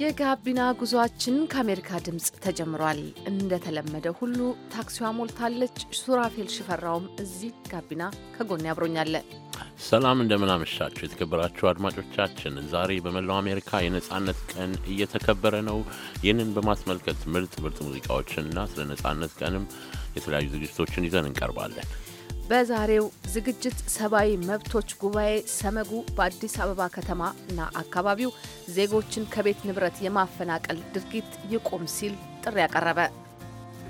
የጋቢና ጉዟችን ከአሜሪካ ድምፅ ተጀምሯል። እንደተለመደ ሁሉ ታክሲዋ ሞልታለች። ሱራፌል ሽፈራውም እዚህ ጋቢና ከጎን ያብሮኛለ። ሰላም እንደምናመሻችሁ የተከበራችሁ አድማጮቻችን፣ ዛሬ በመላው አሜሪካ የነጻነት ቀን እየተከበረ ነው። ይህንን በማስመልከት ምርጥ ምርጥ ሙዚቃዎችንና ስለ ነጻነት ቀንም የተለያዩ ዝግጅቶችን ይዘን እንቀርባለን። በዛሬው ዝግጅት ሰብአዊ መብቶች ጉባኤ ሰመጉ በአዲስ አበባ ከተማ እና አካባቢው ዜጎችን ከቤት ንብረት የማፈናቀል ድርጊት ይቁም ሲል ጥሪ ያቀረበ፣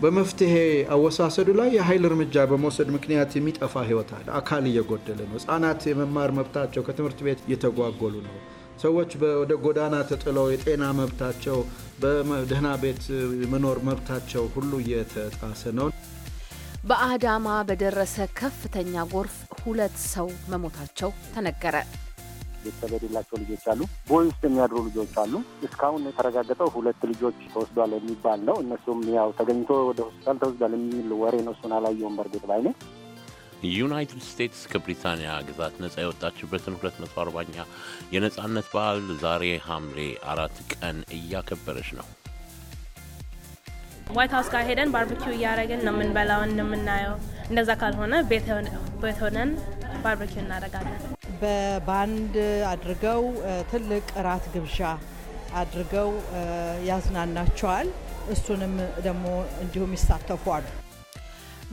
በመፍትሄ አወሳሰዱ ላይ የኃይል እርምጃ በመውሰድ ምክንያት የሚጠፋ ህይወት አለ። አካል እየጎደለ ነው። ህጻናት የመማር መብታቸው ከትምህርት ቤት እየተጓጎሉ ነው። ሰዎች ወደ ጎዳና ተጥለው የጤና መብታቸው፣ በደህና ቤት መኖር መብታቸው ሁሉ እየተጣሰ ነው። በአዳማ በደረሰ ከፍተኛ ጎርፍ ሁለት ሰው መሞታቸው ተነገረ። ቤተሰብ የሌላቸው ልጆች አሉ። ቦይ ውስጥ የሚያድሩ ልጆች አሉ። እስካሁን የተረጋገጠው ሁለት ልጆች ተወስዷል የሚባል ነው። እነሱም ያው ተገኝቶ ወደ ሆስፒታል ተወስዷል የሚል ወሬ ነው። እሱን አላየሁም በእርግጥ ባይኔ። ዩናይትድ ስቴትስ ከብሪታንያ ግዛት ነጻ የወጣችበትን 240ኛ የነጻነት በዓል ዛሬ ሐምሌ አራት ቀን እያከበረች ነው። ዋይት ሀውስ ጋር ሄደን ባርቢኪው እያደረግን ነው የምንበላውን የምናየው። እንደዛ ካልሆነ ቤት ሆነን ባርቢኪው እናደርጋለን። በባንድ አድርገው ትልቅ እራት ግብዣ አድርገው ያዝናናቸዋል። እሱንም ደግሞ እንዲሁም ይሳተፉ አሉ።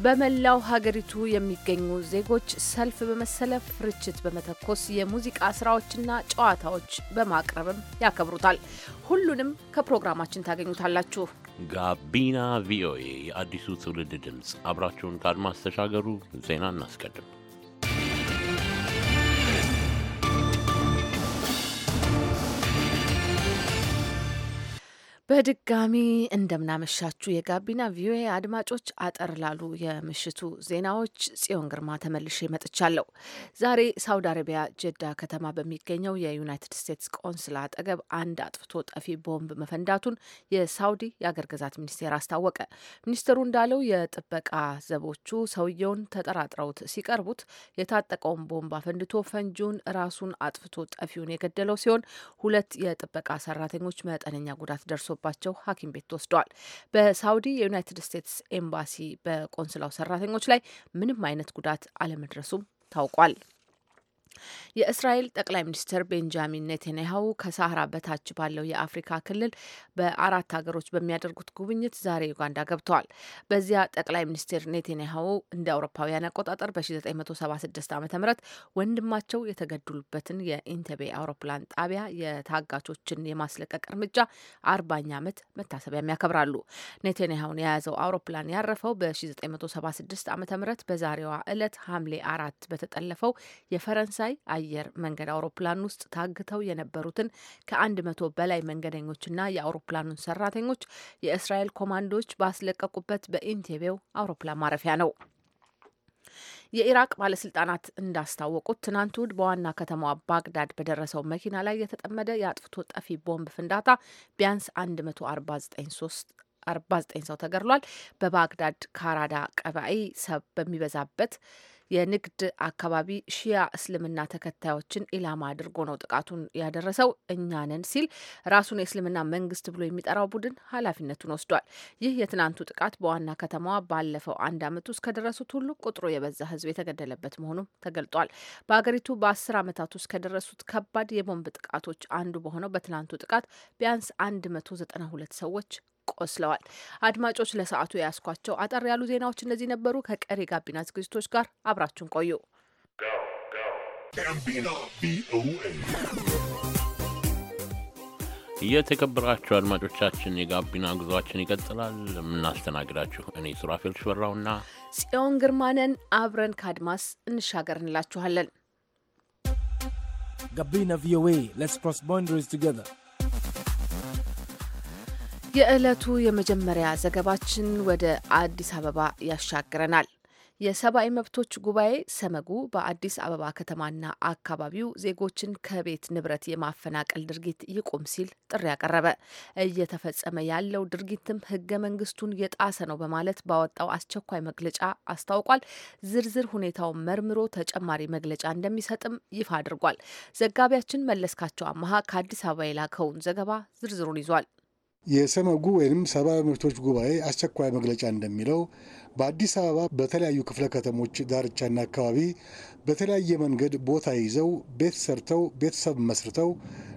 በመላው ሀገሪቱ የሚገኙ ዜጎች ሰልፍ በመሰለፍ ርችት በመተኮስ የሙዚቃ ስራዎችና ጨዋታዎች በማቅረብም ያከብሩታል። ሁሉንም ከፕሮግራማችን ታገኙታላችሁ። ጋቢና ቪኦኤ የአዲሱ ትውልድ ድምፅ። አብራችሁን ከአድማስ ተሻገሩ። ዜና እናስቀድም። በድጋሚ እንደምናመሻችሁ የጋቢና ቪኦኤ አድማጮች፣ አጠር ላሉ የምሽቱ ዜናዎች ጽዮን ግርማ ተመልሼ መጥቻለሁ። ዛሬ ሳውዲ አረቢያ ጀዳ ከተማ በሚገኘው የዩናይትድ ስቴትስ ቆንስላ አጠገብ አንድ አጥፍቶ ጠፊ ቦምብ መፈንዳቱን የሳውዲ የአገር ግዛት ሚኒስቴር አስታወቀ። ሚኒስቴሩ እንዳለው የጥበቃ ዘቦቹ ሰውየውን ተጠራጥረውት ሲቀርቡት የታጠቀውን ቦምብ አፈንድቶ ፈንጂውን ራሱን አጥፍቶ ጠፊውን የገደለው ሲሆን ሁለት የጥበቃ ሰራተኞች መጠነኛ ጉዳት ደርሶ ደርሶባቸው ሐኪም ቤት ተወስደዋል። በሳውዲ የዩናይትድ ስቴትስ ኤምባሲ በቆንስላው ሰራተኞች ላይ ምንም አይነት ጉዳት አለመድረሱም ታውቋል። የእስራኤል ጠቅላይ ሚኒስትር ቤንጃሚን ኔቴንያሁ ከሳህራ በታች ባለው የአፍሪካ ክልል በአራት ሀገሮች በሚያደርጉት ጉብኝት ዛሬ ዩጋንዳ ገብተዋል። በዚያ ጠቅላይ ሚኒስትር ኔቴንያሁ እንደ አውሮፓውያን አቆጣጠር በ1976 ዓ ም ወንድማቸው የተገደሉበትን የኢንተቤ አውሮፕላን ጣቢያ የታጋቾችን የማስለቀቅ እርምጃ አርባኛ ዓመት መታሰቢያም ያከብራሉ። ኔቴንያሁን የያዘው አውሮፕላን ያረፈው በ1976 ዓ ም በዛሬዋ ዕለት ሐምሌ አራት በተጠለፈው የፈረንሳይ ፈረንሳይ አየር መንገድ አውሮፕላን ውስጥ ታግተው የነበሩትን ከአንድ መቶ በላይ መንገደኞችና የአውሮፕላኑን ሰራተኞች የእስራኤል ኮማንዶዎች ባስለቀቁበት በኢንቴቤው አውሮፕላን ማረፊያ ነው። የኢራቅ ባለስልጣናት እንዳስታወቁት ትናንት እሁድ በዋና ከተማዋ ባግዳድ በደረሰው መኪና ላይ የተጠመደ የአጥፍቶ ጠፊ ቦምብ ፍንዳታ ቢያንስ 149 ሰው ተገድሏል። በባግዳድ ካራዳ ቀባይ ሰብ በሚበዛበት የንግድ አካባቢ ሺያ እስልምና ተከታዮችን ኢላማ አድርጎ ነው ጥቃቱን ያደረሰው እኛንን ሲል ራሱን የእስልምና መንግስት ብሎ የሚጠራው ቡድን ኃላፊነቱን ወስዷል። ይህ የትናንቱ ጥቃት በዋና ከተማዋ ባለፈው አንድ ዓመት ውስጥ ከደረሱት ሁሉ ቁጥሩ የበዛ ህዝብ የተገደለበት መሆኑም ተገልጧል። በሀገሪቱ በአስር ዓመታት ውስጥ ከደረሱት ከባድ የቦምብ ጥቃቶች አንዱ በሆነው በትናንቱ ጥቃት ቢያንስ ሁለት ሰዎች ቆስለዋል። አድማጮች ለሰዓቱ የያስኳቸው አጠር ያሉ ዜናዎች እነዚህ ነበሩ። ከቀሪ ጋቢና ዝግጅቶች ጋር አብራችሁን ቆዩ። የተከበራችሁ አድማጮቻችን የጋቢና ጉዟችን ይቀጥላል። የምናስተናግዳችሁ እኔ ሱራፌል ሽበራውና ጽዮን ግርማነን አብረን ከአድማስ እንሻገር እንላችኋለን። ጋቢና ቪኦኤ ሌትስ ክሮስ ቦንደሪስ ቱጌዘር የዕለቱ የመጀመሪያ ዘገባችን ወደ አዲስ አበባ ያሻግረናል። የሰብአዊ መብቶች ጉባኤ ሰመጉ በአዲስ አበባ ከተማና አካባቢው ዜጎችን ከቤት ንብረት የማፈናቀል ድርጊት ይቁም ሲል ጥሪ ያቀረበ፣ እየተፈጸመ ያለው ድርጊትም ህገ መንግስቱን የጣሰ ነው በማለት ባወጣው አስቸኳይ መግለጫ አስታውቋል። ዝርዝር ሁኔታውን መርምሮ ተጨማሪ መግለጫ እንደሚሰጥም ይፋ አድርጓል። ዘጋቢያችን መለስካቸው አመሃ ከአዲስ አበባ የላከውን ዘገባ ዝርዝሩን ይዟል። የሰመጉ ወይም ሰብአዊ መብቶች ጉባኤ አስቸኳይ መግለጫ እንደሚለው በአዲስ አበባ በተለያዩ ክፍለ ከተሞች ዳርቻና አካባቢ በተለያየ መንገድ ቦታ ይዘው ቤት ሰርተው ቤተሰብ መስርተው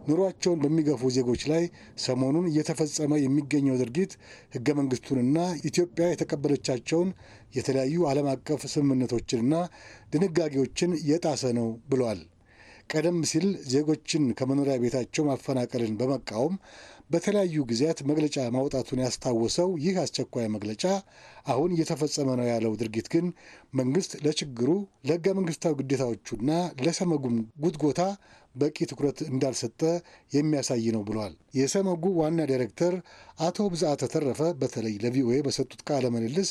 ኑሯቸውን በሚገፉ ዜጎች ላይ ሰሞኑን እየተፈጸመ የሚገኘው ድርጊት ሕገ መንግስቱንና ኢትዮጵያ የተቀበለቻቸውን የተለያዩ ዓለም አቀፍ ስምምነቶችንና ድንጋጌዎችን የጣሰ ነው ብሏል። ቀደም ሲል ዜጎችን ከመኖሪያ ቤታቸው ማፈናቀልን በመቃወም በተለያዩ ጊዜያት መግለጫ ማውጣቱን ያስታወሰው ይህ አስቸኳይ መግለጫ አሁን እየተፈጸመ ነው ያለው ድርጊት ግን መንግስት ለችግሩ ለህገ መንግስታዊ ግዴታዎቹና ለሰመጉም ጉትጎታ በቂ ትኩረት እንዳልሰጠ የሚያሳይ ነው ብሏል። የሰመጉ ዋና ዳይሬክተር አቶ ብዝአተ ተረፈ በተለይ ለቪኦኤ በሰጡት ቃለ ምልልስ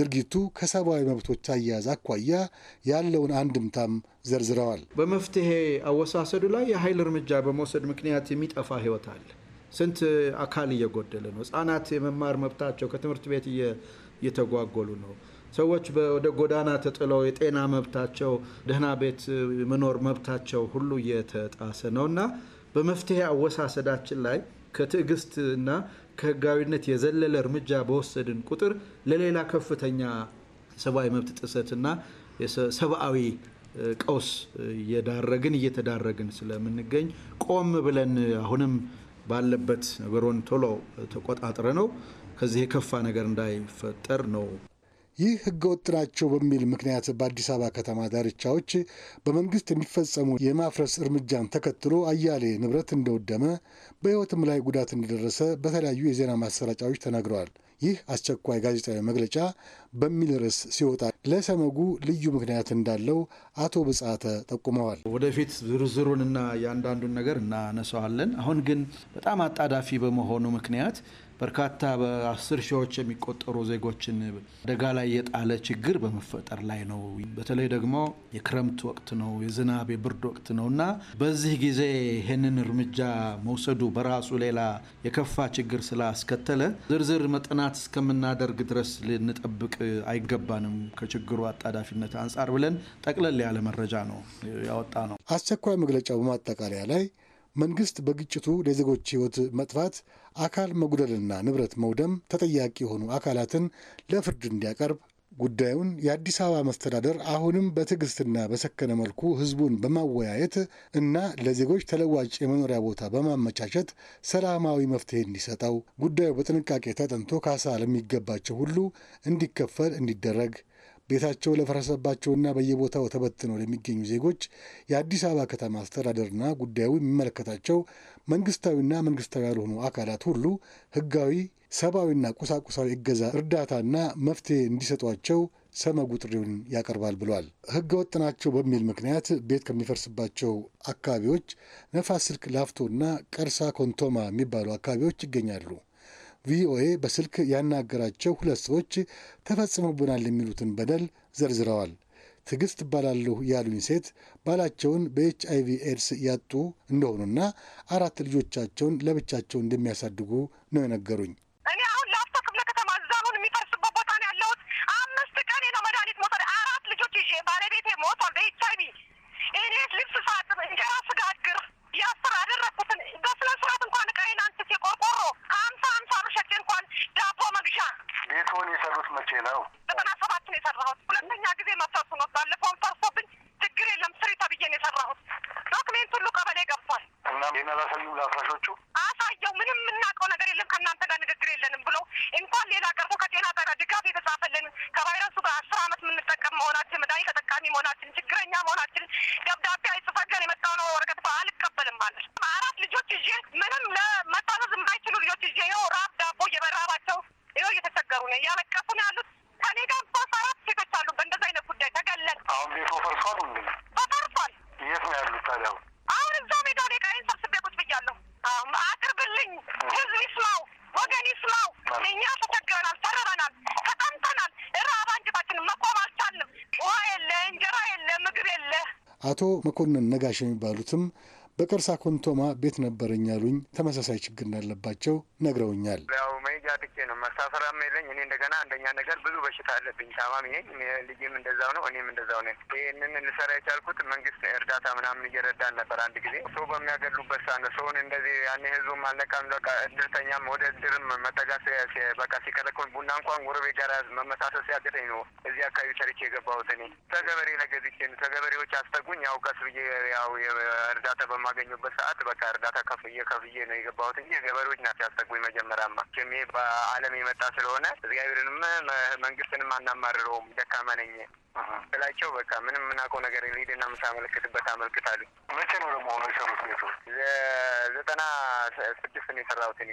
ድርጊቱ ከሰብአዊ መብቶች አያያዝ አኳያ ያለውን አንድምታም ዘርዝረዋል። በመፍትሄ አወሳሰዱ ላይ የኃይል እርምጃ በመውሰድ ምክንያት የሚጠፋ ህይወት አለ። ስንት አካል እየጎደለ ነው። ህጻናት የመማር መብታቸው ከትምህርት ቤት እየተጓጎሉ ነው። ሰዎች ወደ ጎዳና ተጥለው የጤና መብታቸው፣ ደህና ቤት መኖር መብታቸው ሁሉ እየተጣሰ ነው እና በመፍትሄ አወሳሰዳችን ላይ ከትዕግስት እና ከህጋዊነት የዘለለ እርምጃ በወሰድን ቁጥር ለሌላ ከፍተኛ ሰብአዊ መብት ጥሰትና ሰብአዊ ቀውስ እየዳረግን እየተዳረግን ስለምንገኝ ቆም ብለን አሁንም ባለበት ነገሩን ቶሎ ተቆጣጥረ ነው ከዚህ የከፋ ነገር እንዳይፈጠር ነው። ይህ ህገወጥ ናቸው በሚል ምክንያት በአዲስ አበባ ከተማ ዳርቻዎች በመንግስት የሚፈጸሙ የማፍረስ እርምጃን ተከትሎ አያሌ ንብረት እንደወደመ፣ በህይወትም ላይ ጉዳት እንደደረሰ በተለያዩ የዜና ማሰራጫዎች ተናግረዋል። ይህ አስቸኳይ ጋዜጣዊ መግለጫ በሚል ርዕስ ሲወጣ ለሰመጉ ልዩ ምክንያት እንዳለው አቶ ብጻተ ጠቁመዋል። ወደፊት ዝርዝሩንና እያንዳንዱን ነገር እናነሳዋለን። አሁን ግን በጣም አጣዳፊ በመሆኑ ምክንያት በርካታ በአስር ሺዎች የሚቆጠሩ ዜጎችን አደጋ ላይ የጣለ ችግር በመፈጠር ላይ ነው። በተለይ ደግሞ የክረምት ወቅት ነው፣ የዝናብ የብርድ ወቅት ነው እና በዚህ ጊዜ ይህንን እርምጃ መውሰዱ በራሱ ሌላ የከፋ ችግር ስላስከተለ ዝርዝር መጠናት እስከምናደርግ ድረስ ልንጠብቅ አይገባንም ከችግሩ አጣዳፊነት አንጻር ብለን ጠቅለል ያለ መረጃ ነው ያወጣ ነው። አስቸኳይ መግለጫው በማጠቃለያ ላይ መንግስት በግጭቱ ለዜጎች ህይወት መጥፋት፣ አካል መጉደልና ንብረት መውደም ተጠያቂ የሆኑ አካላትን ለፍርድ እንዲያቀርብ ጉዳዩን የአዲስ አበባ መስተዳደር አሁንም በትዕግስትና በሰከነ መልኩ ህዝቡን በማወያየት እና ለዜጎች ተለዋጭ የመኖሪያ ቦታ በማመቻቸት ሰላማዊ መፍትሄ እንዲሰጠው ጉዳዩ በጥንቃቄ ተጠንቶ ካሳ ለሚገባቸው ሁሉ እንዲከፈል እንዲደረግ ቤታቸው ለፈረሰባቸውና በየቦታው ተበትነው ለሚገኙ ዜጎች የአዲስ አበባ ከተማ አስተዳደርና ጉዳዩ የሚመለከታቸው መንግስታዊና መንግስታዊ ያልሆኑ አካላት ሁሉ ህጋዊ፣ ሰብአዊና ቁሳቁሳዊ እገዛ፣ እርዳታና መፍትሄ እንዲሰጧቸው ሰመጉ ጥሪውን ያቀርባል ብሏል። ህገ ወጥ ናቸው በሚል ምክንያት ቤት ከሚፈርስባቸው አካባቢዎች ነፋስ ስልክ ላፍቶና ቀርሳ ኮንቶማ የሚባሉ አካባቢዎች ይገኛሉ። ቪኦኤ በስልክ ያናገራቸው ሁለት ሰዎች ተፈጽሞብናል የሚሉትን በደል ዘርዝረዋል። ትዕግስት እባላለሁ ያሉኝ ሴት ባላቸውን በኤች አይቪ ኤድስ ያጡ እንደሆኑና አራት ልጆቻቸውን ለብቻቸው እንደሚያሳድጉ ነው የነገሩኝ። እኔ አሁን ላፍቶ ክፍለ ከተማ እዛ አሁን የሚፈርስበት ቦታ ነው ያለሁት። አምስት ቀን ነው መድኃኒት መውሰድ አራት ልጆች ይዤ ባለቤቴ ሞቷል በኤች እኔ ልብስ ሳጥብ እንጀራ ስጋግር ያስር አደረኩትን በስነ ስርዓት እንኳን ቀይን አንስቼ ቆርቆሮ አምሳ ሀምሳ ብር እንኳን ዳቦ መግዣ ቤትሆን የሰሩት መቼ ነው? ዘጠና ሰባት ነው የሰራሁት። ሁለተኛ ጊዜ መፍረሱ ነው። ባለፈውን ፈርሶብኝ ችግር የለም ስሪ ተብዬ ነው የሰራሁት። ዶክሜንት ሁሉ ቀበሌ ገብቷል። እና ይህን ለአፍራሾቹ አሳየው። ምንም የምናውቀው ነገር የለም ከእናንተ ጋር ንግግር የለንም ብሎ እንኳን ሌላ ቀርቦ አቶ መኮንን ነጋሽ የሚባሉትም በቀርሳ ኮንቶማ ቤት ነበረኝ ያሉኝ ተመሳሳይ ችግር እንዳለባቸው ነግረውኛል። ያው መሄጃ ትቼ ነው መሳፈሪያም ሁለተኛ ነገር ብዙ በሽታ አለብኝ፣ ታማሚ ነኝ። ልጅም እንደዛው ነው፣ እኔም እንደዛው ነኝ። ይህንን ልሰራ የቻልኩት መንግስት እርዳታ ምናምን እየረዳን ነበር። አንድ ጊዜ ሰው በሚያገሉበት ሰዓት ነው። ሰውን እንደዚህ ያኔ ህዝቡም አልነቃም። በቃ እድርተኛም ወደ እድርም መጠጋት በቃ ሲከለክል ቡና እንኳን ጎረቤት ጋር መመሳሰል ሲያቅተኝ ነው እዚህ አካባቢ ሰርቼ የገባሁት እኔ ተገበሬ ነገዝቼ ተገበሬዎች አስጠጉኝ። ያው ቀስ ብዬ ያው እርዳታ በማገኙበት ሰዓት በቃ እርዳታ ከፍዬ ከፍዬ ነው የገባሁት እንጂ ገበሬዎች ናቸው ያስጠጉኝ። መጀመሪያማ ይሄ በአለም የመጣ ስለሆነ እግዚአብሔርንም መንግስትንም አናማርረውም። ደካማ ነኝ ስላቸው በቃ ምንም የምናውቀው ነገር ሄድና የምታመለክትበት አመልክት አሉ። መቼ ነው ደግሞ ሆኖ የሰሩት? ቤቱ ዘጠና ስድስት ነው የሰራሁት እኔ።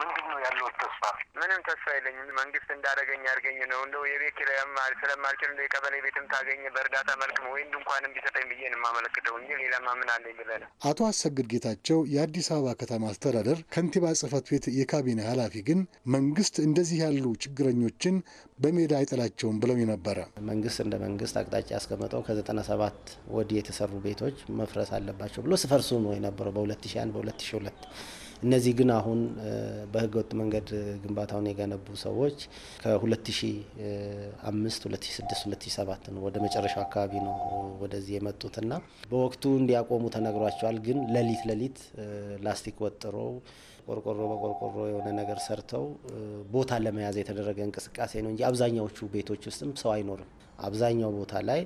ምንድን ነው ያለው ተስፋ? ምንም ተስፋ የለኝም። መንግስት እንዳደረገኝ ያርገኝ ነው እንደው የቤት ኪራይም ስለማልችል እንደ የቀበሌ ቤትም ታገኝ በእርዳታ መልክም ወይም ድንኳንም ቢሰጠኝ ብዬ ነው የማመለክተው እንጂ ሌላማ ምን አለኝ ብለህ ነው። አቶ አሰግድ ጌታቸው የአዲስ አበባ ከተማ አስተዳደር ከንቲባ ጽህፈት ቤት የካቢኔ ኃላፊ ግን መንግስት እንደዚህ ያሉ ችግረኞችን በሜዳ አይጥላቸውም ብለው ነበረ። መንግስት እንደ መንግስት አቅጣጫ ያስቀመጠው ከዘጠና ሰባት ወዲህ የተሰሩ ቤቶች መፍረስ አለባቸው ብሎ ስፈርሱ ነው የነበረው በ2001 በ2002። እነዚህ ግን አሁን በህገወጥ መንገድ ግንባታውን የገነቡ ሰዎች ከ2005 2006 2007 ነው ወደ መጨረሻው አካባቢ ነው ወደዚህ የመጡትና በወቅቱ እንዲያቆሙ ተነግሯቸዋል። ግን ለሊት ለሊት ላስቲክ ወጥሮ ቆርቆሮ በቆርቆሮ የሆነ ነገር ሰርተው ቦታ ለመያዝ የተደረገ እንቅስቃሴ ነው እንጂ አብዛኛዎቹ ቤቶች ውስጥም ሰው አይኖርም። አብዛኛው ቦታ ላይ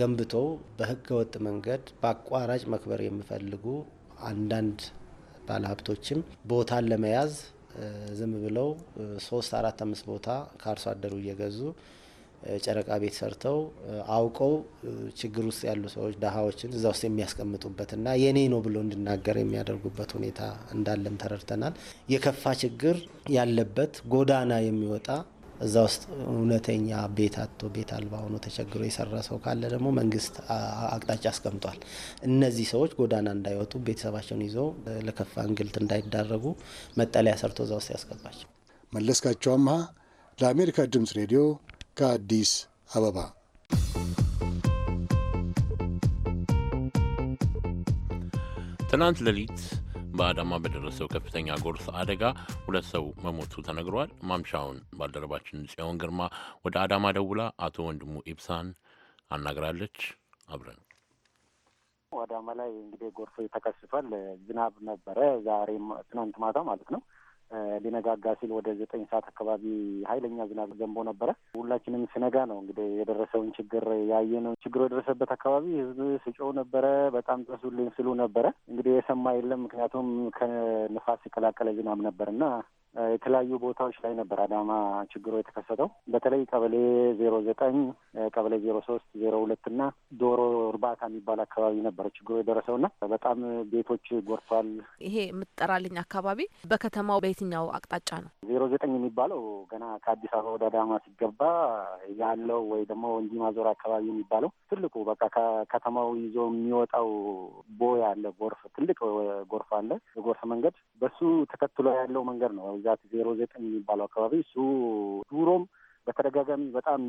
ገንብተው በህገወጥ መንገድ በአቋራጭ መክበር የሚፈልጉ አንዳንድ ባለሀብቶችም ቦታን ለመያዝ ዝም ብለው ሶስት አራት አምስት ቦታ ከአርሶ አደሩ እየገዙ ጨረቃ ቤት ሰርተው አውቀው ችግር ውስጥ ያሉ ሰዎች ድሃዎችን እዛ ውስጥ የሚያስቀምጡበትና የኔ ነው ብሎ እንድናገር የሚያደርጉበት ሁኔታ እንዳለም ተረድተናል። የከፋ ችግር ያለበት ጎዳና የሚወጣ እዛ ውስጥ እውነተኛ ቤት አቶ ቤት አልባ ሆኖ ተቸግሮ የሰራ ሰው ካለ ደግሞ መንግስት አቅጣጫ አስቀምጧል። እነዚህ ሰዎች ጎዳና እንዳይወጡ ቤተሰባቸውን ይዘው ለከፋ እንግልት እንዳይዳረጉ መጠለያ ሰርቶ እዛ ውስጥ ያስገባቸው። መለስካቸው አምሃ ለአሜሪካ ድምጽ ሬዲዮ ከአዲስ አበባ። ትናንት ሌሊት በአዳማ በደረሰው ከፍተኛ ጎርፍ አደጋ ሁለት ሰው መሞቱ ተነግሯል። ማምሻውን ባልደረባችን ጽዮን ግርማ ወደ አዳማ ደውላ አቶ ወንድሙ ኢብሳን አናግራለች። አብረን አዳማ ላይ እንግዲህ ጎርፍ ተከስቷል። ዝናብ ነበረ ዛሬ ትናንት ማታ ማለት ነው። ሊነጋጋ ሲል ወደ ዘጠኝ ሰዓት አካባቢ ኃይለኛ ዝናብ ዘንቦ ነበረ። ሁላችንም ስነጋ ነው እንግዲህ የደረሰውን ችግር ያየነው። ችግሩ የደረሰበት አካባቢ ህዝብ ስጮው ነበረ። በጣም ድረሱልኝ ስሉ ነበረ። እንግዲህ የሰማ የለም። ምክንያቱም ከንፋስ የቀላቀለ ዝናብ ነበር እና የተለያዩ ቦታዎች ላይ ነበር አዳማ ችግሩ የተከሰተው። በተለይ ቀበሌ ዜሮ ዘጠኝ ቀበሌ ዜሮ ሶስት ዜሮ ሁለት እና ዶሮ እርባታ የሚባል አካባቢ ነበር ችግሩ የደረሰው እና በጣም ቤቶች ጎርቷል። ይሄ የምትጠራልኝ አካባቢ በከተማው በየትኛው አቅጣጫ ነው? ዜሮ ዘጠኝ የሚባለው ገና ከአዲስ አበባ ወደ አዳማ ሲገባ ያለው ወይ ደግሞ ወንጂ ማዞር አካባቢ የሚባለው ትልቁ በቃ ከከተማው ይዞ የሚወጣው ቦይ አለ፣ ጎርፍ ትልቅ ጎርፍ አለ፣ የጎርፍ መንገድ በሱ ተከትሎ ያለው መንገድ ነው ብዛት ዜሮ ዘጠኝ የሚባለው አካባቢ እሱ ዱሮም በተደጋጋሚ በጣም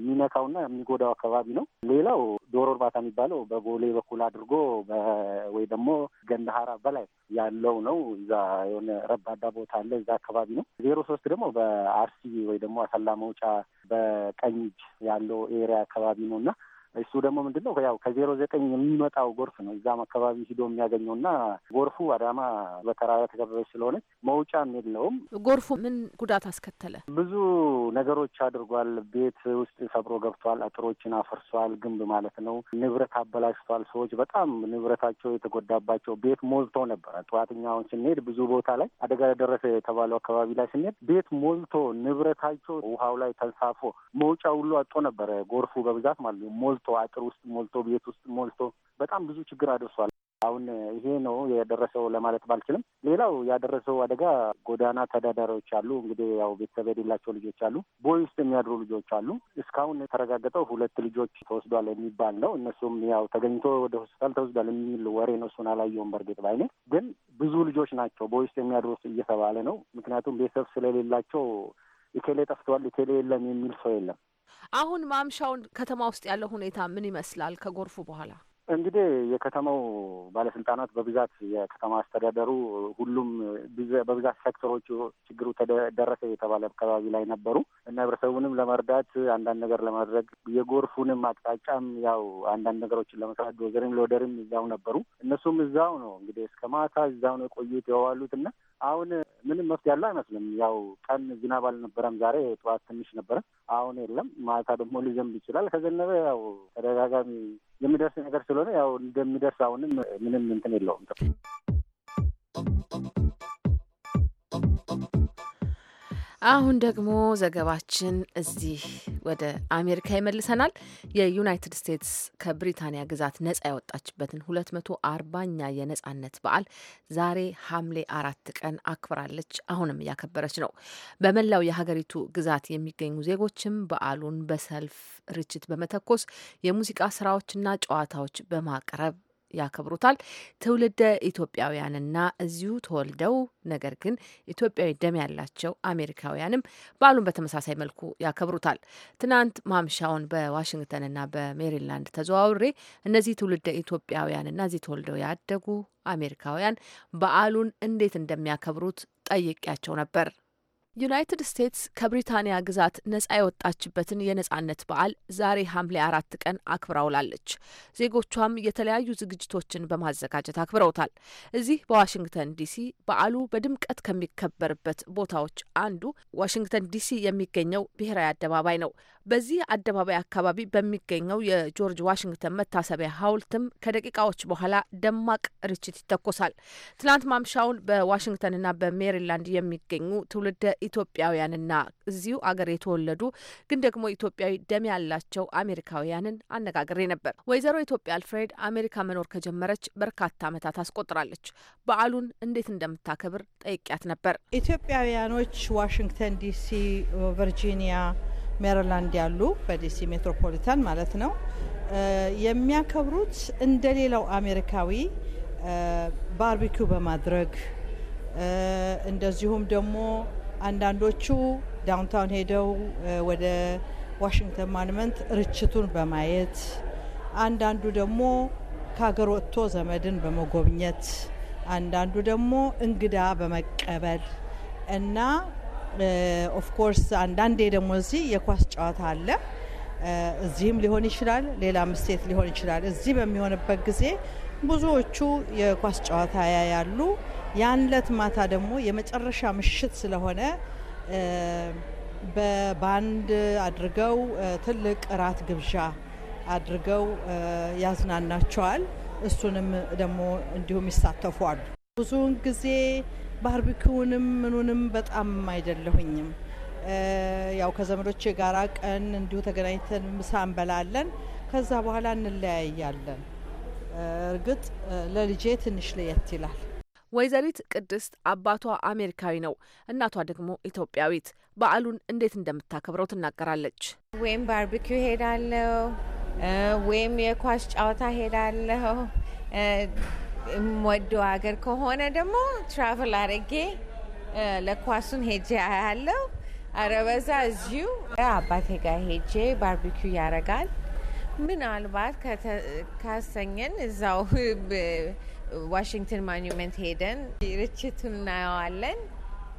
የሚነካውና የሚጎዳው አካባቢ ነው። ሌላው ዶሮ እርባታ የሚባለው በቦሌ በኩል አድርጎ ወይ ደግሞ ገንዳሀራ በላይ ያለው ነው። እዛ የሆነ ረባዳ ቦታ አለ፣ እዛ አካባቢ ነው። ዜሮ ሶስት ደግሞ በአርሲ ወይ ደግሞ አሰላ መውጫ በቀኝ እጅ ያለው ኤሪያ አካባቢ ነው እና እሱ ደግሞ ምንድን ነው ያው ከዜሮ ዘጠኝ የሚመጣው ጎርፍ ነው እዛም አካባቢ ሂዶ የሚያገኘው እና ጎርፉ አዳማ በተራራ ተከበበች ስለሆነች መውጫም የለውም። ጎርፉ ምን ጉዳት አስከተለ? ብዙ ነገሮች አድርጓል። ቤት ውስጥ ሰብሮ ገብቷል። አጥሮችን አፈርሷል፣ ግንብ ማለት ነው። ንብረት አበላሽቷል። ሰዎች በጣም ንብረታቸው የተጎዳባቸው ቤት ሞልቶ ነበረ። ጠዋትኛውን ስንሄድ ብዙ ቦታ ላይ አደጋ ደረሰ የተባለው አካባቢ ላይ ስንሄድ ቤት ሞልቶ ንብረታቸው ውሃው ላይ ተንሳፎ መውጫ ሁሉ አጦ ነበረ። ጎርፉ በብዛት ማለት ነው ሞልቶ ሞልቶ አጥር ውስጥ ሞልቶ ቤት ውስጥ ሞልቶ በጣም ብዙ ችግር አድርሷል። አሁን ይሄ ነው የደረሰው ለማለት ባልችልም፣ ሌላው ያደረሰው አደጋ ጎዳና ተዳዳሪዎች አሉ። እንግዲህ ያው ቤተሰብ የሌላቸው ልጆች አሉ፣ ቦይ ውስጥ የሚያድሩ ልጆች አሉ። እስካሁን የተረጋገጠው ሁለት ልጆች ተወስዷል የሚባል ነው። እነሱም ያው ተገኝቶ ወደ ሆስፒታል ተወስዷል የሚል ወሬ ነው። እሱን አላየሁም በእርግጥ ባይኔ፣ ግን ብዙ ልጆች ናቸው ቦይ ውስጥ የሚያድሩት እየተባለ ነው። ምክንያቱም ቤተሰብ ስለሌላቸው ኢቴሌ ጠፍተዋል፣ ኢኬሌ የለም የሚል ሰው የለም። አሁን ማምሻውን ከተማ ውስጥ ያለው ሁኔታ ምን ይመስላል? ከጎርፉ በኋላ እንግዲህ የከተማው ባለስልጣናት በብዛት የከተማ አስተዳደሩ ሁሉም በብዛት ሴክተሮቹ ችግሩ ደረሰ የተባለ አካባቢ ላይ ነበሩ እና ህብረተሰቡንም ለመርዳት አንዳንድ ነገር ለማድረግ የጎርፉንም አቅጣጫም ያው አንዳንድ ነገሮችን ለመስራት ዶዘርም ሎደርም እዛው ነበሩ። እነሱም እዛው ነው እንግዲህ እስከ ማታ እዛው ነው የቆዩት የዋሉት እና አሁን ምንም መፍትሄ ያለው አይመስልም። ያው ቀን ዝናብ አልነበረም ዛሬ ጠዋት ትንሽ ነበረ፣ አሁን የለም። ማታ ደግሞ ሊዘንብ ይችላል። ከዘነበ ያው ተደጋጋሚ የሚደርስ ነገር ስለሆነ ያው እንደሚደርስ አሁንም ምንም እንትን የለውም። አሁን ደግሞ ዘገባችን እዚህ ወደ አሜሪካ ይመልሰናል። የዩናይትድ ስቴትስ ከብሪታንያ ግዛት ነጻ ያወጣችበትን ሁለት መቶ አርባኛ የነጻነት በዓል ዛሬ ሐምሌ አራት ቀን አክብራለች። አሁንም እያከበረች ነው። በመላው የሀገሪቱ ግዛት የሚገኙ ዜጎችም በዓሉን በሰልፍ ርችት በመተኮስ የሙዚቃ ስራዎችና ጨዋታዎች በማቅረብ ያከብሩታል። ትውልደ ኢትዮጵያውያንና እዚሁ ተወልደው ነገር ግን ኢትዮጵያዊ ደም ያላቸው አሜሪካውያንም በዓሉን በተመሳሳይ መልኩ ያከብሩታል። ትናንት ማምሻውን በዋሽንግተንና በሜሪላንድ ተዘዋውሬ እነዚህ ትውልደ ኢትዮጵያውያንና እዚህ ተወልደው ያደጉ አሜሪካውያን በዓሉን እንዴት እንደሚያከብሩት ጠይቄያቸው ነበር። ዩናይትድ ስቴትስ ከብሪታንያ ግዛት ነጻ የወጣችበትን የነጻነት በዓል ዛሬ ሐምሌ አራት ቀን አክብራውላለች። ዜጎቿም የተለያዩ ዝግጅቶችን በማዘጋጀት አክብረውታል። እዚህ በዋሽንግተን ዲሲ በዓሉ በድምቀት ከሚከበርበት ቦታዎች አንዱ ዋሽንግተን ዲሲ የሚገኘው ብሔራዊ አደባባይ ነው። በዚህ አደባባይ አካባቢ በሚገኘው የጆርጅ ዋሽንግተን መታሰቢያ ሐውልትም ከደቂቃዎች በኋላ ደማቅ ርችት ይተኮሳል። ትናንት ማምሻውን በዋሽንግተንና በሜሪላንድ የሚገኙ ትውልደ ኢትዮጵያውያንና እዚሁ አገር የተወለዱ ግን ደግሞ ኢትዮጵያዊ ደም ያላቸው አሜሪካውያንን አነጋግሬ ነበር። ወይዘሮ ኢትዮጵያ አልፍሬድ አሜሪካ መኖር ከጀመረች በርካታ ዓመታት አስቆጥራለች። በዓሉን እንዴት እንደምታከብር ጠይቂያት ነበር። ኢትዮጵያውያኖች ዋሽንግተን ዲሲ፣ ቨርጂኒያ ሜሪላንድ ያሉ በዲሲ ሜትሮፖሊታን ማለት ነው የሚያከብሩት እንደሌላው አሜሪካዊ ባርቢኪው በማድረግ እንደዚሁም ደግሞ አንዳንዶቹ ዳውንታውን ሄደው ወደ ዋሽንግተን ማንመንት ርችቱን በማየት አንዳንዱ ደግሞ ከሀገር ወጥቶ ዘመድን በመጎብኘት አንዳንዱ ደግሞ እንግዳ በመቀበል እና ኦፍኮርስ አንዳንዴ ደግሞ እዚህ የኳስ ጨዋታ አለ። እዚህም ሊሆን ይችላል፣ ሌላ ስቴት ሊሆን ይችላል። እዚህ በሚሆንበት ጊዜ ብዙዎቹ የኳስ ጨዋታ ያያሉ። ያን ለት ማታ ደግሞ የመጨረሻ ምሽት ስለሆነ በባንድ አድርገው ትልቅ እራት ግብዣ አድርገው ያዝናናቸዋል። እሱንም ደግሞ እንዲሁም ይሳተፏሉ። ብዙውን ጊዜ ባርቢኪውንም ምኑንም በጣም አይደለሁኝም። ያው ከዘመዶች ጋር ቀን እንዲሁ ተገናኝተን ምሳ እንበላለን። ከዛ በኋላ እንለያያለን። እርግጥ ለልጄ ትንሽ ለየት ይላል። ወይዘሪት ቅድስት አባቷ አሜሪካዊ ነው፣ እናቷ ደግሞ ኢትዮጵያዊት። በዓሉን እንዴት እንደምታከብረው ትናገራለች። ወይም ባርቢኪው ሄዳለሁ ወይም የኳስ ጨዋታ ሄዳለሁ የምወደው ሀገር ከሆነ ደግሞ ትራቨል አድርጌ ለኳሱን ሄጄ አያለው። አረበዛ እዚሁ አባቴ ጋር ሄጄ ባርቢኪው ያረጋል። ምናልባት ካሰኘን እዛው ዋሽንግተን ማኒመንት ሄደን ርችቱን እናየዋለን።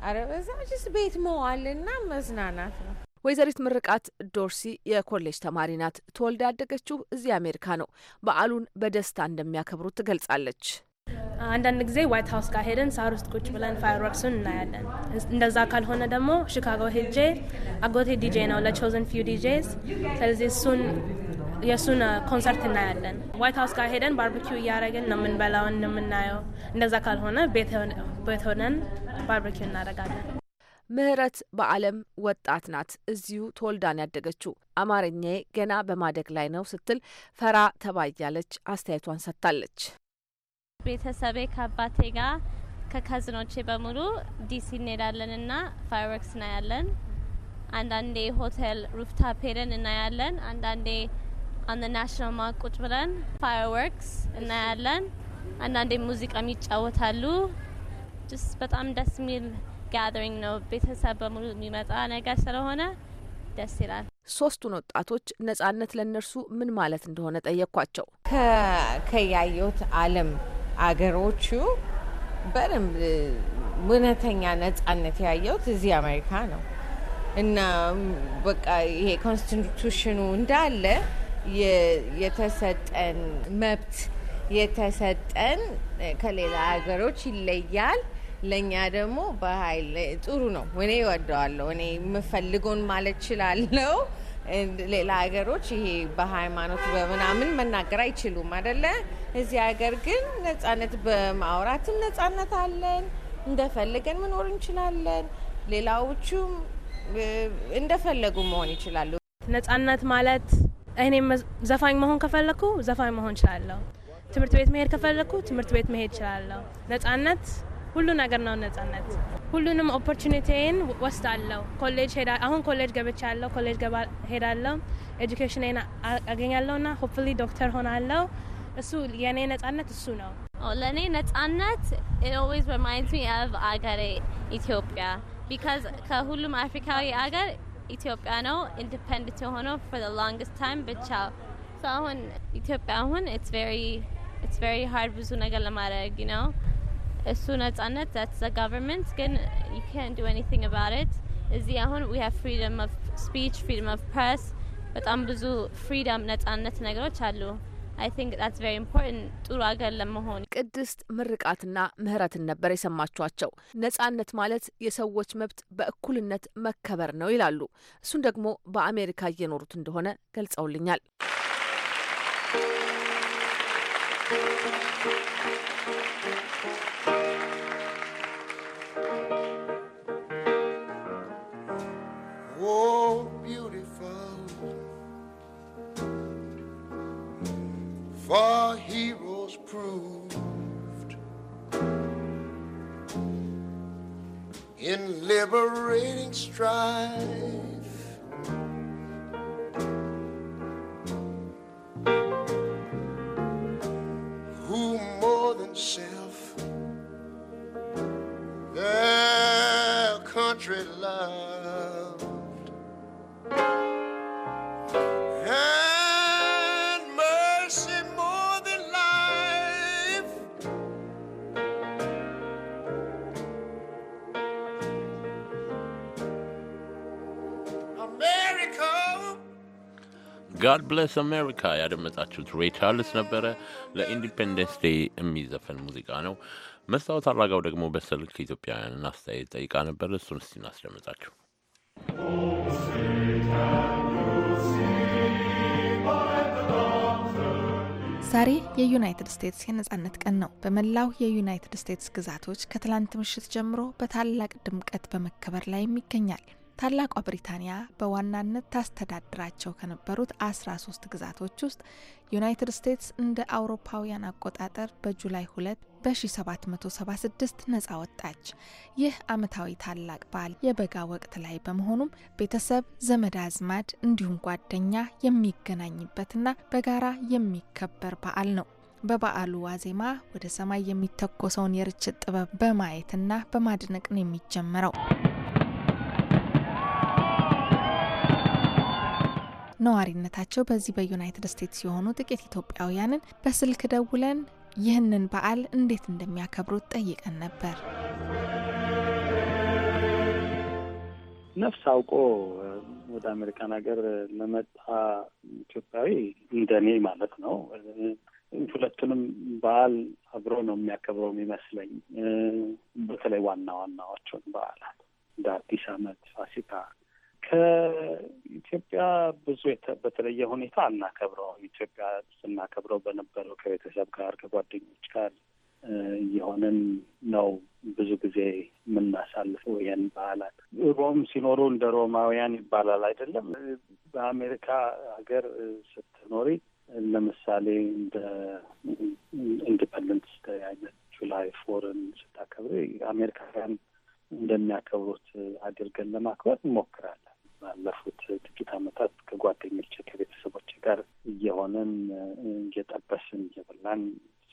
አረበዛ ስ ቤት መዋልና መዝናናት ነው። ወይዘሪት ምርቃት ዶርሲ የኮሌጅ ተማሪ ናት። ተወልዳ ያደገችው እዚህ አሜሪካ ነው። በዓሉን በደስታ እንደሚያከብሩ ትገልጻለች። አንዳንድ ጊዜ ዋይት ሀውስ ጋር ሄደን ሳር ውስጥ ቁጭ ብለን ፋይርወርክሱን እናያለን። እንደዛ ካልሆነ ደግሞ ሺካጎ ሄጄ አጎቴ ዲጄ ነው ለቾዘን ፊው ዲጄስ። ስለዚህ እሱን የእሱን ኮንሰርት እናያለን። ዋይት ሀውስ ጋር ሄደን ባርቢኪው እያደረግን ነው የምንበላውን የምናየው። እንደዛ ካልሆነ ቤት ሆነን ባርቢኪው እናደርጋለን። ምህረት በዓለም ወጣት ናት። እዚሁ ተወልዳን ያደገችው አማርኛዬ ገና በማደግ ላይ ነው ስትል ፈራ ተባያለች አስተያየቷን ሰጥታለች። ቤተሰቤ ከአባቴ ጋር ከካዝኖቼ በሙሉ ዲሲ እንሄዳለን እና ፋይርወርክስ እናያለን። አንዳንዴ ሆቴል ሩፍታፕ ሄደን እናያለን። አንዳንዴ አን ናሽናል ማርክ ቁጭ ብለን ፋይርወርክስ እናያለን። አንዳንዴ ሙዚቃም ይጫወታሉ። ስ በጣም ደስ የሚል ጋዘሪንግ ነው። ቤተሰብ በሙሉ የሚመጣ ነገር ስለሆነ ደስ ይላል። ሶስቱን ወጣቶች ነጻነት ለእነርሱ ምን ማለት እንደሆነ ጠየኳቸው። ከያየሁት አለም አገሮቹ በደንብ እውነተኛ ነጻነት ያየሁት እዚህ አሜሪካ ነው እና በቃ ይሄ ኮንስቲቱሽኑ እንዳለ የተሰጠን መብት የተሰጠን ከሌላ ሀገሮች ይለያል። ለእኛ ደግሞ በሀይል ጥሩ ነው። እኔ እወደዋለሁ። እኔ የምፈልገውን ማለት ችላለው። ሌላ ሀገሮች ይሄ በሃይማኖት በምናምን መናገር አይችሉም አደለ? እዚህ ሀገር ግን ነጻነት፣ በማውራትም ነጻነት አለን። እንደፈለገን መኖር እንችላለን። ሌላዎቹም እንደፈለጉ መሆን ይችላሉ። ነጻነት ማለት እኔ ዘፋኝ መሆን ከፈለኩ ዘፋኝ መሆን እችላለሁ። ትምህርት ቤት መሄድ ከፈለኩ ትምህርት ቤት መሄድ እችላለሁ። ነጻነት ሁሉ ነገር ነው ነጻነት። ሁሉንም ኦፖርቹኒቲን ወስዳለሁ። ኮሌጅ ሄዳ አሁን ኮሌጅ ገብቻ ኮሌጅ ገባ ሄዳለሁ ኤጁኬሽንን አገኛለሁ ና ሆፕፉሊ ዶክተር ሆናለሁ። እሱ የእኔ ነጻነት እሱ ነው ለእኔ ነጻነት። ኦልዌይዝ ሪማይንድስ ሚ ኦፍ አገሬ ኢትዮጵያ ቢካዝ ከሁሉም አፍሪካዊ አገር ኢትዮጵያ ነው ኢንዲፐንደንት የሆነው ፎር ዘ ሎንግስት ታይም ብቻ አሁን ኢትዮጵያ አሁን ኢትስ ቬሪ ሃርድ ብዙ ነገር ለማድረግ ነው እሱ ነጻነት that's the government ግን you can't do anything about it እዚህ አሁን we have freedom of speech freedom of press በጣም ብዙ ፍሪደም ነጻነት ነገሮች አሉ አይ ቲንክ ዳትስ ቨሪ ኢምፖርታንት ጥሩ አገር ለመሆን። ቅድስት ምርቃትና ምህረትን ነበር የሰማችኋቸው። ነጻነት ማለት የሰዎች መብት በእኩልነት መከበር ነው ይላሉ። እሱን ደግሞ በአሜሪካ እየኖሩት እንደሆነ ገልጸውልኛል። ጋድ ብለስ አሜሪካ ያደመጣችሁት ሬ ቻርልስ ነበረ። ለኢንዲፔንደንስ ዴይ የሚዘፈን ሙዚቃ ነው። መስታወት አራጋው ደግሞ በስልክ ኢትዮጵያውያንን አስተያየት ጠይቃ ነበር። እሱን እስቲ እናስደምጣችሁ። ዛሬ የዩናይትድ ስቴትስ የነጻነት ቀን ነው። በመላው የዩናይትድ ስቴትስ ግዛቶች ከትላንት ምሽት ጀምሮ በታላቅ ድምቀት በመከበር ላይ ይገኛል። ታላቋ ብሪታንያ በዋናነት ታስተዳድራቸው ከነበሩት 13 ግዛቶች ውስጥ ዩናይትድ ስቴትስ እንደ አውሮፓውያን አቆጣጠር በጁላይ 2 በ1776 ነጻ ወጣች። ይህ ዓመታዊ ታላቅ በዓል የበጋ ወቅት ላይ በመሆኑም ቤተሰብ፣ ዘመድ አዝማድ እንዲሁም ጓደኛ የሚገናኝበትና በጋራ የሚከበር በዓል ነው። በበዓሉ ዋዜማ ወደ ሰማይ የሚተኮሰውን የርችት ጥበብ በማየትና በማድነቅ ነው የሚጀመረው። ነዋሪነታቸው በዚህ በዩናይትድ ስቴትስ የሆኑ ጥቂት ኢትዮጵያውያንን በስልክ ደውለን ይህንን በዓል እንዴት እንደሚያከብሩት ጠይቀን ነበር። ነፍስ አውቆ ወደ አሜሪካን ሀገር ለመጣ ኢትዮጵያዊ እንደኔ ማለት ነው ሁለቱንም በዓል አብሮ ነው የሚያከብረው የሚመስለኝ። በተለይ ዋና ዋናዎቹን በዓላት እንደ አዲስ ዓመት፣ ፋሲካ፣ ከኢትዮጵያ ብዙ በተለየ ሁኔታ አናከብረውም። ኢትዮጵያ ስናከብረው በነበረው ከቤተሰብ ጋር ከጓደኞች ጋር የሆነን ነው ብዙ ጊዜ የምናሳልፈው ይህን በዓላት። ሮም ሲኖሩ እንደ ሮማውያን ይባላል አይደለም። በአሜሪካ ሀገር ስትኖሪ ለምሳሌ እንደ ኢንዲፐንደንት ዴይ አይነት ጁላይ ፎርን ስታከብሪ አሜሪካውያን እንደሚያከብሩት አድርገን ለማክበር እንሞክራለን። ላለፉት ጥቂት ዓመታት ከጓደኞች ከቤተሰቦች ጋር እየሆንን እየጠበስን እየበላን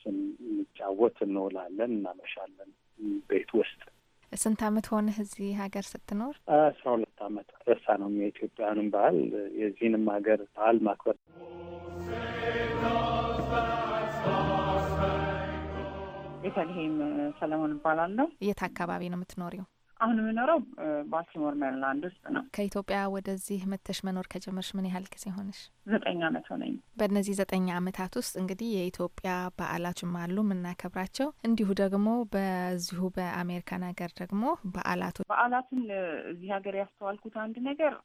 ስንጫወት እንውላለን፣ እናመሻለን ቤት ውስጥ። ስንት አመት ሆነህ እዚህ ሀገር ስትኖር? አስራ ሁለት አመት። ረሳ ነው የኢትዮጵያንም ባህል የዚህንም ሀገር ባህል ማክበር ቤተልሔም ሰለሞን እባላለሁ። የት አካባቢ ነው የምትኖሪው? አሁን የምኖረው ባልቲሞር ሜሪላንድ ውስጥ ነው። ከኢትዮጵያ ወደዚህ መተሽ መኖር ከጀመርሽ ምን ያህል ጊዜ ሆነሽ? ዘጠኝ አመት ሆነኝ። በእነዚህ ዘጠኝ አመታት ውስጥ እንግዲህ የኢትዮጵያ በዓላትም አሉ የምናከብራቸው፣ እንዲሁ ደግሞ በዚሁ በአሜሪካን ሀገር ደግሞ በዓላቱ በዓላትን እዚህ ሀገር ያስተዋልኩት አንድ ነገር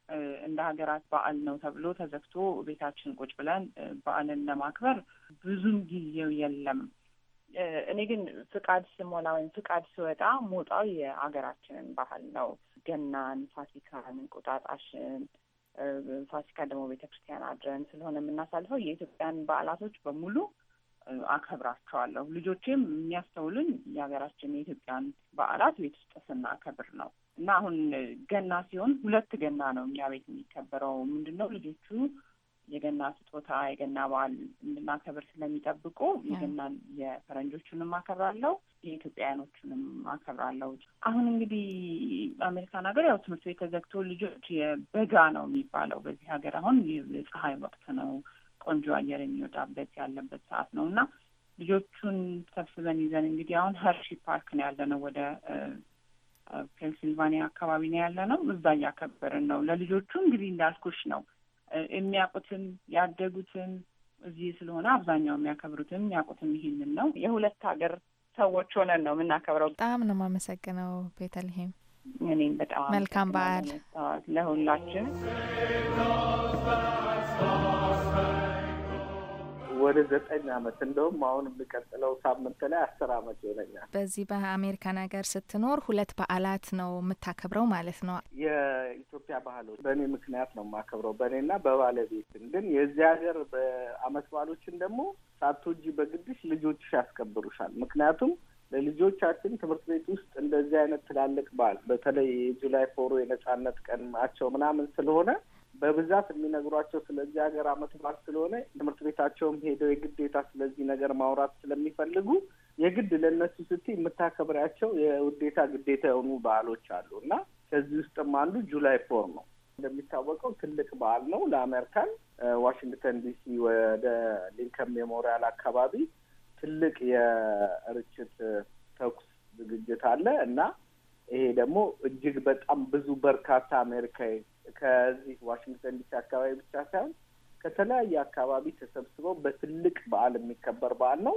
እንደ ሀገራት በዓል ነው ተብሎ ተዘግቶ ቤታችን ቁጭ ብለን በዓልን ለማክበር ብዙም ጊዜው የለም እኔ ግን ፍቃድ ስሞላ ወይም ፍቃድ ስወጣ ሞጣው የሀገራችንን ባህል ነው። ገናን፣ ፋሲካን፣ እንቁጣጣሽን ፋሲካ ደግሞ ቤተ ክርስቲያን አድረን ስለሆነ የምናሳልፈው የኢትዮጵያን በዓላቶች በሙሉ አከብራቸዋለሁ። ልጆቼም የሚያስተውሉኝ የሀገራችን የኢትዮጵያን በዓላት ቤት ውስጥ ስናከብር ነው እና አሁን ገና ሲሆን ሁለት ገና ነው እኛ ቤት የሚከበረው። ምንድን ነው ልጆቹ የገና ስጦታ የገና በዓል እንድናከብር ስለሚጠብቁ የገና የፈረንጆቹንም አከብራለሁ የኢትዮጵያውያኖቹንም አከብራለሁ። አሁን እንግዲህ አሜሪካን ሀገር ያው ትምህርት ቤት ተዘግቶ ልጆች የበጋ ነው የሚባለው በዚህ ሀገር አሁን የፀሐይ ወቅት ነው። ቆንጆ አየር የሚወጣበት ያለበት ሰዓት ነው እና ልጆቹን ሰብስበን ይዘን እንግዲህ አሁን ሀርሺ ፓርክ ነው ያለ ነው ወደ ፔንሲልቫኒያ አካባቢ ነው ያለ ነው። እዛ እያከበርን ነው። ለልጆቹ እንግዲህ እንዳልኩሽ ነው የሚያውቁትን ያደጉትን እዚህ ስለሆነ አብዛኛው የሚያከብሩትን የሚያውቁትም ይህንን ነው። የሁለት ሀገር ሰዎች ሆነን ነው የምናከብረው። በጣም ነው የማመሰግነው ቤተልሔም። እኔም በጣም መልካም በዓል ለሁላችን። ወደ ዘጠኝ አመት እንደውም አሁን የሚቀጥለው ሳምንት ላይ አስር አመት ይሆነኛል። በዚህ በአሜሪካን ሀገር ስትኖር ሁለት በዓላት ነው የምታከብረው ማለት ነው? የኢትዮጵያ ባህሎች በእኔ ምክንያት ነው የማከብረው በእኔና በባለቤትን። ግን የዚህ ሀገር በአመት በዓሎችን ደግሞ ሳትወጂ በግድሽ ልጆችሽ ያስከብሩሻል። ምክንያቱም ለልጆቻችን ትምህርት ቤት ውስጥ እንደዚህ አይነት ትላልቅ በዓል በተለይ የጁላይ ፎሩ የነጻነት ቀናቸው ምናምን ስለሆነ በብዛት የሚነግሯቸው ስለዚህ ሀገር አመት በዓል ስለሆነ ትምህርት ቤታቸውም ሄደው የግዴታ ስለዚህ ነገር ማውራት ስለሚፈልጉ የግድ ለእነሱ ስቲ የምታከብሪያቸው የውዴታ ግዴታ የሆኑ በዓሎች አሉ እና ከዚህ ውስጥም አንዱ ጁላይ ፎር ነው። እንደሚታወቀው ትልቅ በዓል ነው ለአሜሪካን። ዋሽንግተን ዲሲ ወደ ሊንከን ሜሞሪያል አካባቢ ትልቅ የርችት ተኩስ ዝግጅት አለ እና ይሄ ደግሞ እጅግ በጣም ብዙ በርካታ አሜሪካዊ ከዚህ ዋሽንግተን ዲሲ አካባቢ ብቻ ሳይሆን ከተለያየ አካባቢ ተሰብስበው በትልቅ በዓል የሚከበር በዓል ነው።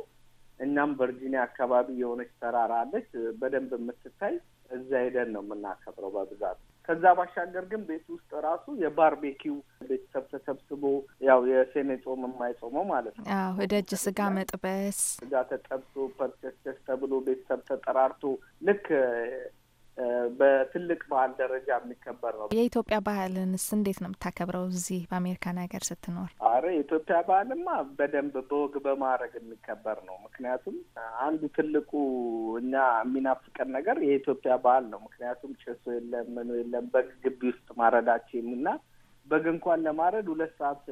እኛም ቨርጂኒያ አካባቢ የሆነች ተራራ አለች በደንብ የምትታይ እዛ ሄደን ነው የምናከብረው በብዛት። ከዛ ባሻገር ግን ቤት ውስጥ ራሱ የባርቤኪው ቤተሰብ ተሰብስቦ ያው የሴኔ ጾም የማይጾመው ማለት ነው። ወደ እጅ ስጋ መጥበስ፣ ስጋ ተጠብሶ ፐርቸስ ተብሎ ቤተሰብ ተጠራርቶ ልክ ትልቅ ባህል ደረጃ የሚከበር ነው። የኢትዮጵያ ባህልንስ እንዴት ነው የምታከብረው እዚህ በአሜሪካን ሀገር ስትኖር? አረ የኢትዮጵያ ባህልማ በደንብ በወግ በማድረግ የሚከበር ነው። ምክንያቱም አንዱ ትልቁ እኛ የሚናፍቀን ነገር የኢትዮጵያ ባህል ነው። ምክንያቱም ጭሱ የለም ምኑ የለም በግ ግቢ ውስጥ ማረዳችን እና በግ እንኳን ለማረድ ሁለት ሰዓት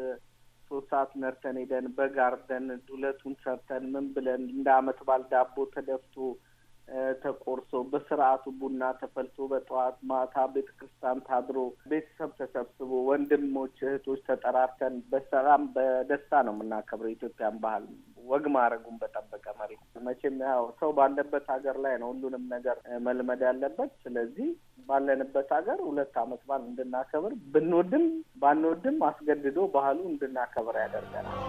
ሶስት ሰዓት መርተን ሄደን በግ አርደን ዱለቱን ሰርተን ምን ብለን እንደ አመት ባል ዳቦ ተደፍቶ ተቆርሶ በስርዓቱ ቡና ተፈልቶ በጠዋት ማታ ቤተ ክርስቲያን ታድሮ ቤተሰብ ተሰብስቦ ወንድሞች እህቶች ተጠራርተን በሰላም በደስታ ነው የምናከብረው የኢትዮጵያን ባህል ወግ ማድረጉን በጠበቀ መሪ። መቼም ያው ሰው ባለበት ሀገር ላይ ነው ሁሉንም ነገር መልመድ ያለበት። ስለዚህ ባለንበት ሀገር ሁለት አመት በዓል እንድናከብር ብንወድም ባንወድም አስገድዶ ባህሉ እንድናከብር ያደርገናል።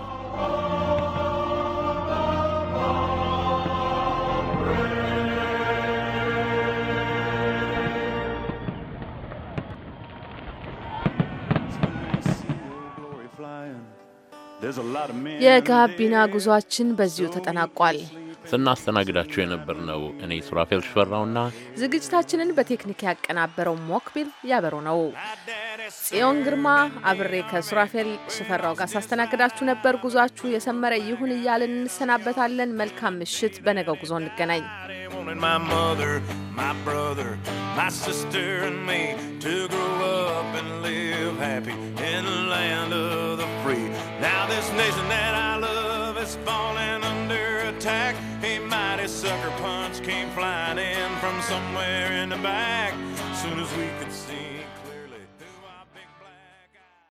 የጋቢና ጉዟችን በዚሁ ተጠናቋል። ስናስተናግዳችሁ የነበርነው እኔ ሱራፌል ሽፈራውና ዝግጅታችንን በቴክኒክ ያቀናበረው ሞክቢል ያበሮ ነው። ጽዮን ግርማ አብሬ ከሱራፌል ሽፈራው ጋር ሳስተናግዳችሁ ነበር። ጉዟችሁ የሰመረ ይሁን እያልን እንሰናበታለን። መልካም ምሽት። በነገው ጉዞ እንገናኝ። Now this nation that I love is falling under attack. A mighty sucker punch came flying in from somewhere in the back. Soon as we could see.